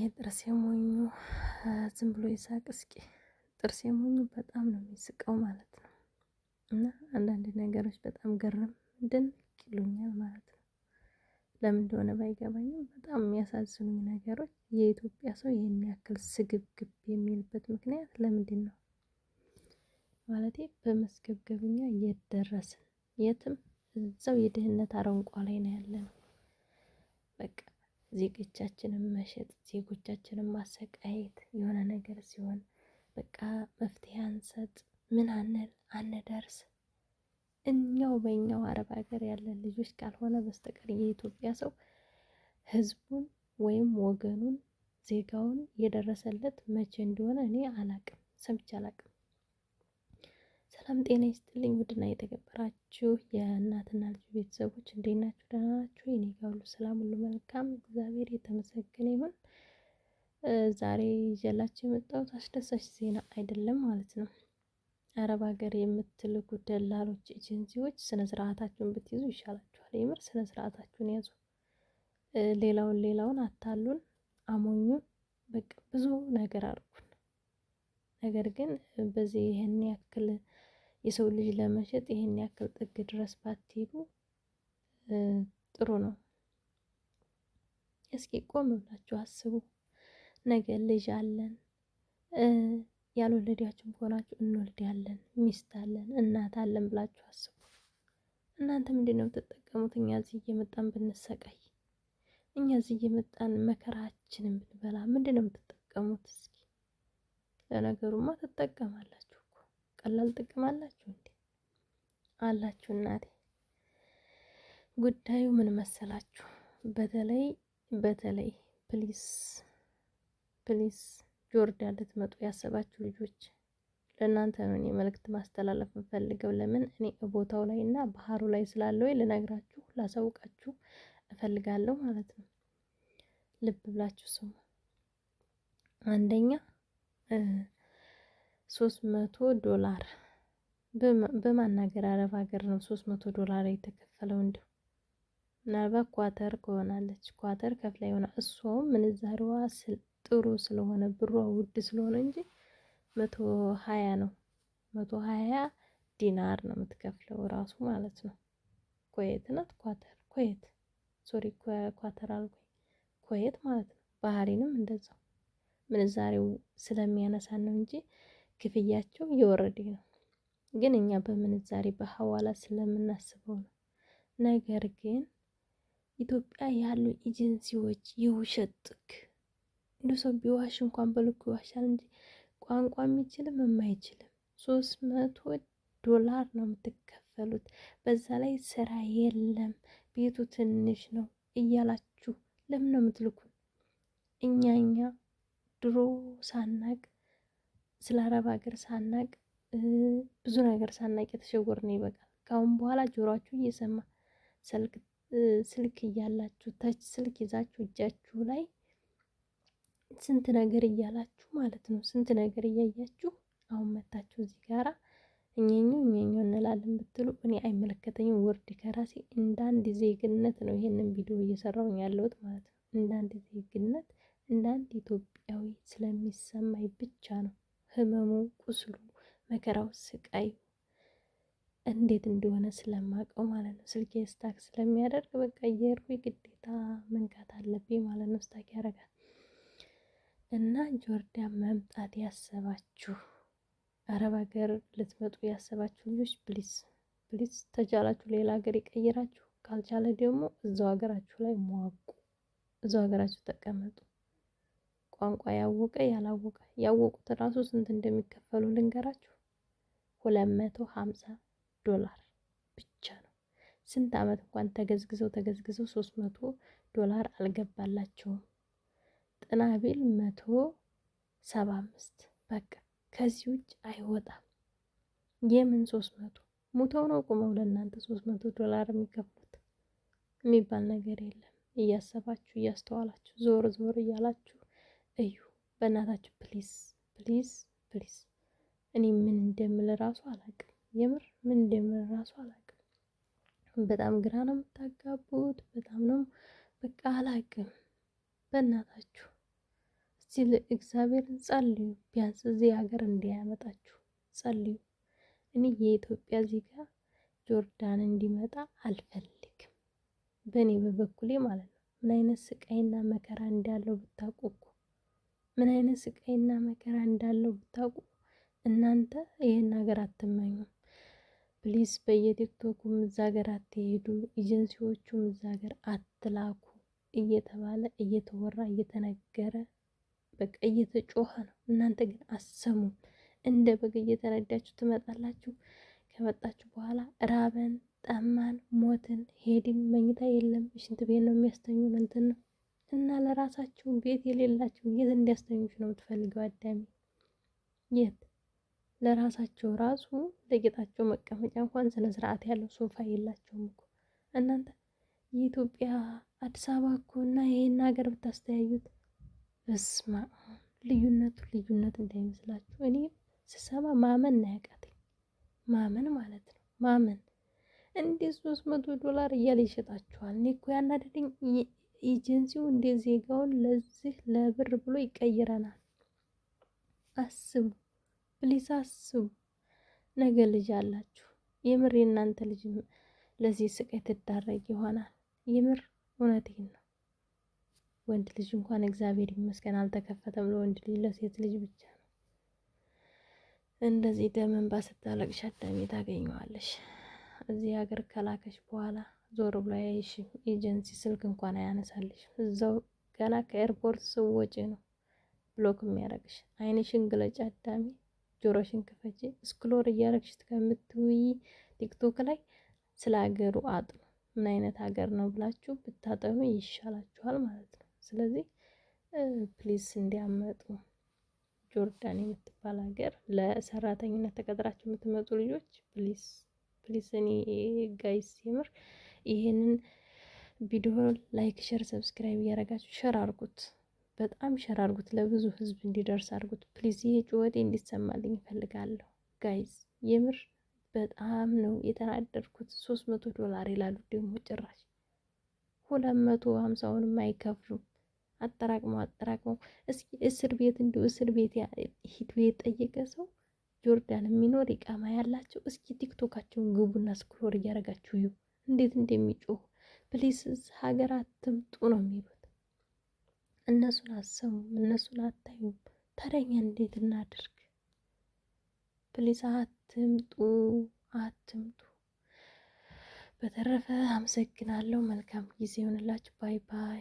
የጥርሴ ሞኙ ዝም ብሎ ይሳቅ እስኪ። ጥርሴ ሞኙ በጣም ነው የሚስቀው ማለት ነው። እና አንዳንድ ነገሮች በጣም ገርም ድንቅ ይሉኛል ማለት ነው። ለምን እንደሆነ ባይገባኝም በጣም የሚያሳዝኑኝ ነገሮች የኢትዮጵያ ሰው ይህን ያክል ስግብግብ የሚልበት ምክንያት ለምንድን ነው? ማለቴ በመስገብገብኛ የት ደረስን? የትም እዛው የድህነት አረንቋ ላይ ነው ያለነው። በቃ ዜጎቻችንን መሸጥ፣ ዜጎቻችንን ማሰቃየት የሆነ ነገር ሲሆን በቃ መፍትሄ አንሰጥ ምን አንል አንደርስ። እኛው በኛው አረብ ሀገር ያለን ልጆች ካልሆነ በስተቀር የኢትዮጵያ ሰው ህዝቡን ወይም ወገኑን ዜጋውን የደረሰለት መቼ እንደሆነ እኔ አላቅም፣ ሰምቼ አላቅም። ሰላም ጤና ይስጥልኝ ውድና የተከበራችሁ የእናትና ልጅ ቤተሰቦች እንዴት ናችሁ? ደህና ናችሁ? እኔ ጋር ሁሉ ሰላም፣ ሁሉ መልካም፣ እግዚአብሔር የተመሰገነ ይሁን። ዛሬ ይዤላችሁ የመጣሁት አስደሳች ዜና አይደለም ማለት ነው። አረብ ሀገር የምትልኩ ደላሎች፣ ኤጀንሲዎች ስነ ስርዓታችሁን ብትይዙ ይሻላችኋል። የምር ስነ ስርዓታችሁን ያዙ። ሌላውን ሌላውን አታሉን፣ አሞኙን፣ በቃ ብዙ ነገር አድርጉን። ነገር ግን በዚህ ይህን ያክል የሰው ልጅ ለመሸጥ ይህን ያክል ጥግ ድረስ ባትሄዱ ጥሩ ነው። እስኪ ቆም ብላችሁ አስቡ። ነገ ልጅ አለን፣ ያልወለዳችሁ ከሆናችሁ እንወልዳለን፣ ሚስት አለን፣ እናት አለን ብላችሁ አስቡ። እናንተ ምንድን ነው የምትጠቀሙት? እኛ እዚህ እየመጣን ብንሰቃይ፣ እኛ እዚህ እየመጣን መከራችንን ብንበላ ምንድን ነው የምትጠቀሙት? እስኪ ለነገሩማ ትጠቀማላችሁ። ቀላል ጥቅም አላችሁ እንዴ? አላችሁ እናቴ። ጉዳዩ ምን መሰላችሁ? በተለይ በተለይ ፕሊስ ፕሊስ ጆርዳን ልትመጡ ያሰባችሁ ልጆች ለእናንተ ነው እኔ መልእክት ማስተላለፍ እንፈልገው። ለምን እኔ ቦታው ላይ እና ባህሩ ላይ ስላለው ልነግራችሁ ላሳውቃችሁ እፈልጋለሁ ማለት ነው። ልብ ብላችሁ ስሙ። አንደኛ ሶስት መቶ ዶላር በማናገር አረብ ሀገር ነው ሶስት መቶ ዶላር የተከፈለው። እንዲሁ ምናልባት ኳተር ከሆናለች ኳተር ከፍላ ይሆናል። እሷም ምንዛሪዋ ጥሩ ስለሆነ ብሯ ውድ ስለሆነ እንጂ መቶ ሀያ ነው መቶ ሀያ ዲናር ነው የምትከፍለው ራሱ ማለት ነው። ኮየት ናት ኳተር ኮየት ሶሪ ኳተር አልኩኝ ኮየት ማለት ነው። ባህሪንም እንደዛው ምንዛሬው ስለሚያነሳ ነው እንጂ ክፍያቸው እየወረደ ነው። ግን እኛ በምንዛሬ በሐዋላ ስለምናስበው ነው። ነገር ግን ኢትዮጵያ ያሉ ኤጀንሲዎች የውሸት ጥግ እንደ ሰው ቢዋሽ እንኳን በልኩ ይዋሻል እንጂ ቋንቋ የሚችልም የማይችልም ሶስት መቶ ዶላር ነው የምትከፈሉት። በዛ ላይ ስራ የለም፣ ቤቱ ትንሽ ነው እያላችሁ ለምን ነው የምትልኩን? እኛኛ ድሮ ሳናቅ ስለ አረብ ሀገር ሳናቅ ብዙ ነገር ሳናቅ የተሸወርን ይበቃል። ካሁን በኋላ ጆሯችሁ እየሰማ ስልክ እያላችሁ ተች ስልክ ይዛችሁ እጃችሁ ላይ ስንት ነገር እያላችሁ ማለት ነው። ስንት ነገር እያያችሁ አሁን መታችሁ እዚህ ጋራ እኛኛው እኛኛው እንላለን ብትሉ እኔ አይመለከተኝም። ወርድ ከራሴ እንደ አንድ ዜግነት ነው ይሄንን ቪዲዮ እየሰራሁኝ ያለሁት ማለት ነው። እንዳንድ ዜግነት እንዳንድ ኢትዮጵያዊ ስለሚሰማኝ ብቻ ነው። ህመሙ፣ ቁስሉ፣ መከራው፣ ስቃይ እንዴት እንደሆነ ስለማውቀው ማለት ነው። ስልኬ ስታክ ስለሚያደርግ በቃ የሩ ግዴታ መንካት አለብኝ ማለት ነው። ስታክ ያደርጋል እና ጆርዳን መምጣት ያሰባችሁ አረብ ሀገር ልትመጡ ያሰባችሁ ልጆች ፕሊዝ ፕሊዝ ተቻላችሁ ሌላ ሀገር ይቀይራችሁ፣ ካልቻለ ደግሞ እዛው ሀገራችሁ ላይ ሟቁ፣ እዛው ሀገራችሁ ተቀመጡ። ቋንቋ ያወቀ ያላወቀ ያወቁት ራሱ ስንት እንደሚከፈሉ ልንገራችሁ፣ ሁለት መቶ ሀምሳ ዶላር ብቻ ነው። ስንት ዓመት እንኳን ተገዝግዘው ተገዝግዘው ሶስት መቶ ዶላር አልገባላቸውም። ጥናቤል መቶ ሰባ አምስት በቃ ከዚህ ውጭ አይወጣም። የምን ሶስት መቶ ሙተው ነው ቁመው ለእናንተ ሶስት መቶ ዶላር የሚከፍሉት የሚባል ነገር የለም። እያሰባችሁ እያስተዋላችሁ ዞር ዞር እያላችሁ እዩ። በእናታችሁ ፕሊዝ ፕሊዝ ፕሊዝ። እኔ ምን እንደምል ራሱ አላቅም። የምር ምን እንደምል ራሱ አላቅም። በጣም ግራ ነው የምታጋቡት። በጣም ነው በቃ አላቅም። በእናታችሁ እስቲ እግዚአብሔርን ጸልዩ። ቢያንስ እዚህ ሀገር እንዲያመጣችሁ ጸልዩ። እኔ የኢትዮጵያ ዜጋ ጆርዳን እንዲመጣ አልፈልግም። በእኔ በበኩሌ ማለት ነው። ምን አይነት ስቃይና መከራ እንዳለው ብታቆቁ ምን አይነት ስቃይና መከራ እንዳለው ብታውቁ እናንተ ይህን ሀገር አትመኙም። ፕሊዝ በየቲክቶኩም እዛ ሀገር አትሄዱ፣ ኤጀንሲዎቹም እዛ ሀገር አትላኩ እየተባለ እየተወራ እየተነገረ በቃ እየተጮኸ ነው። እናንተ ግን አሰሙ እንደ በግ እየተነዳችሁ ትመጣላችሁ። ከመጣችሁ በኋላ ራበን፣ ጠማን፣ ሞትን፣ ሄድን፣ መኝታ የለም፣ ሽንት ቤት ነው የሚያስተኙን እንትን ነው እና ለራሳችሁ ቤት የሌላችሁ የት እንዲያስተኙት ነው የምትፈልገው አዳሚ? የት ለራሳቸው ራሱ ለጌጣቸው መቀመጫ እንኳን ስነ ስርዓት ያለው ሶፋ የላቸውም እኮ እናንተ። የኢትዮጵያ አዲስ አበባ እኮ እና ይህን ሀገር ብታስተያዩት በስማ ልዩነቱ ልዩነት እንዳይመስላችሁ። እኔ ስሰማ ማመን ናያቃትኝ ማመን ማለት ነው ማመን እንዴት ሶስት መቶ ዶላር እያለ ይሸጣችኋል? እኔ እኮ ያናደደኝ ኤጀንሲው እንደ ዜጋውን ለዚህ ለብር ብሎ ይቀይረናል። አስቡ ፕሊስ አስቡ። ነገ ልጅ አላችሁ። የምር የእናንተ ልጅ ለዚህ ስቃይ ትዳረግ ይሆናል። የምር እውነቴን ነው። ወንድ ልጅ እንኳን እግዚአብሔር ይመስገን አልተከፈተም ለወንድ ልጅ፣ ለሴት ልጅ ብቻ ነው። እንደዚህ ደም እንባ ስታለቅሽ አዳሜ ታገኘዋለሽ። እዚህ ሀገር ከላከሽ በኋላ ዞር ብሎ አያይሽም። ኤጀንሲ ስልክ እንኳን አያነሳልሽ። እዛው ገና ከኤርፖርት ስወጪ ነው ብሎክ የሚያደርግሽ። አይንሽን ግለጭ አዳሚ፣ ጆሮሽን ክፈች። ስክሎር እያረግሽ ከምትውይ ቲክቶክ ላይ ስለ ሀገሩ አጥኑ። ምን አይነት ሀገር ነው ብላችሁ ብታጠኑ ይሻላችኋል ማለት ነው። ስለዚህ ፕሊስ እንዲያመጡ ጆርዳን የምትባል ሀገር ለሰራተኝነት ተቀጥራችሁ የምትመጡ ልጆች ፕሊስ ፕሊስ እኔ ጋይስ ሲምር ይሄንን ቪዲዮ ላይክ፣ ሸር፣ ሰብስክራይብ እያደረጋችሁ ሸር አድርጉት። በጣም ሸር አርጉት ለብዙ ህዝብ እንዲደርስ አድርጉት። ፕሊዝ ይሄ ጩወቴ እንዲሰማልኝ ይፈልጋለሁ ጋይዝ የምር በጣም ነው የተናደድኩት። ሶስት መቶ ዶላር ይላሉ ደግሞ ጭራሽ ሁለት መቶ ሀምሳውን የማይከፍሉ አጠራቅመው አጠራቅመው እስኪ እስር ቤት እንዲሁ እስር ቤት ሂዱ የጠየቀ ሰው ጆርዳን የሚኖር ይቃማ ያላቸው እስኪ ቲክቶካቸውን ግቡና ስክሎር እያደረጋችሁ ይሁ እንዴት እንደሚጮሁ ፕሊስ ሀገር አትምጡ ነው የሚሉት። እነሱን አሰሙም፣ እነሱን አታዩም። ታዲያኛ እንዴት እናድርግ? ፕሊስ አትምጡ፣ አትምጡ። በተረፈ አመሰግናለሁ። መልካም ጊዜ ይሆንላችሁ። ባይ ባይ።